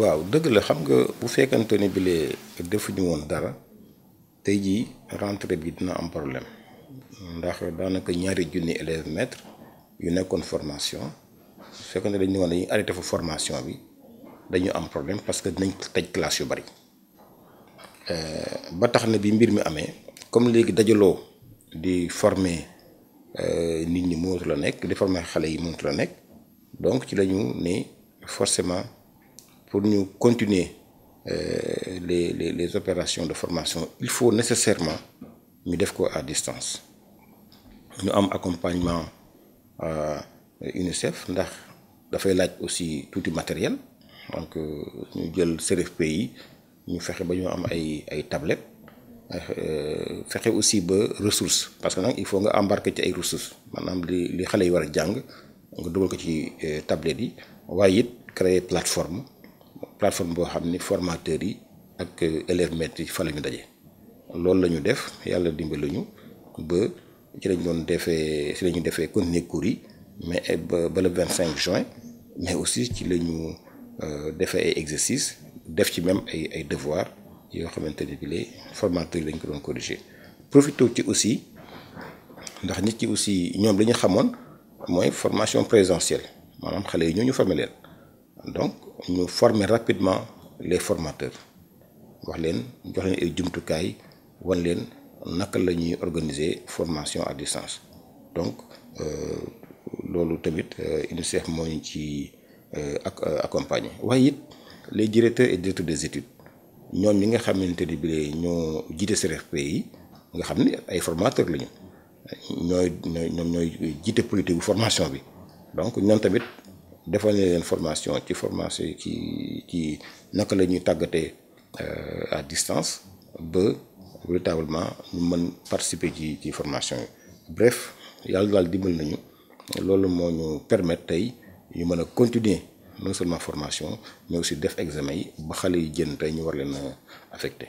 waaw dëgg la xam nga bu fekkante ni bilee defuñu woon dara tey jii rentrée bi dina am problème ndax daanaka ñaari junni élève maître yu nekkoon formation su fekkante dañu woon dañuy arrêté fa formation bi dañu am problème parce que dinañ tëj classe yu bari ba tax na bi mbir mi amee comme léegi dajaloo di former euh, nit ñi mootu la nekk di former xale yi mootu la nekk donc ci lañu ne forcément pour nous continuer euh, les, les, opérations de formation, il faut nécessairement nous faire à distance. Nous avons accompagnement à euh, UNICEF, nous avons aussi tout le matériel. Donc, nous avons le CRFPI, nous avons des tablettes. avons euh, aussi des ressources, parce que il faut embarquer des ressources Nous li li xale yi war tablettes yi avons créer plateforme plateforme euh, la plateforme loolu def yàlla dimbali ñu ci lañ doon defee ci mais eh, le 25 juin mais aussi ci nous euh, exercices même ay ay devoirs formateurs lañ aussi ndax nit ci aussi formation présentielle maanaam ñoo donc nous former rapidement les formateurs wax avons jox une ay formation à distance donc nous euh, tamit euh, une moo ñu ci euh, ak accompagner les directeurs et directeurs des études Nous avons nga xamante ni bii ñoo jiite CRFP yi nga formateurs nous avons ñooy ñoom ñooy jiite politique bu formation bi donc ñoom tamit defal leen formation ci formation qui ci naka euh, à distance ba véritablement ñu mën participer ci ci formation bref yàlla daal dimbal nañu loolu permettre continuer non seulement formation mais aussi def examen ba yi affecté.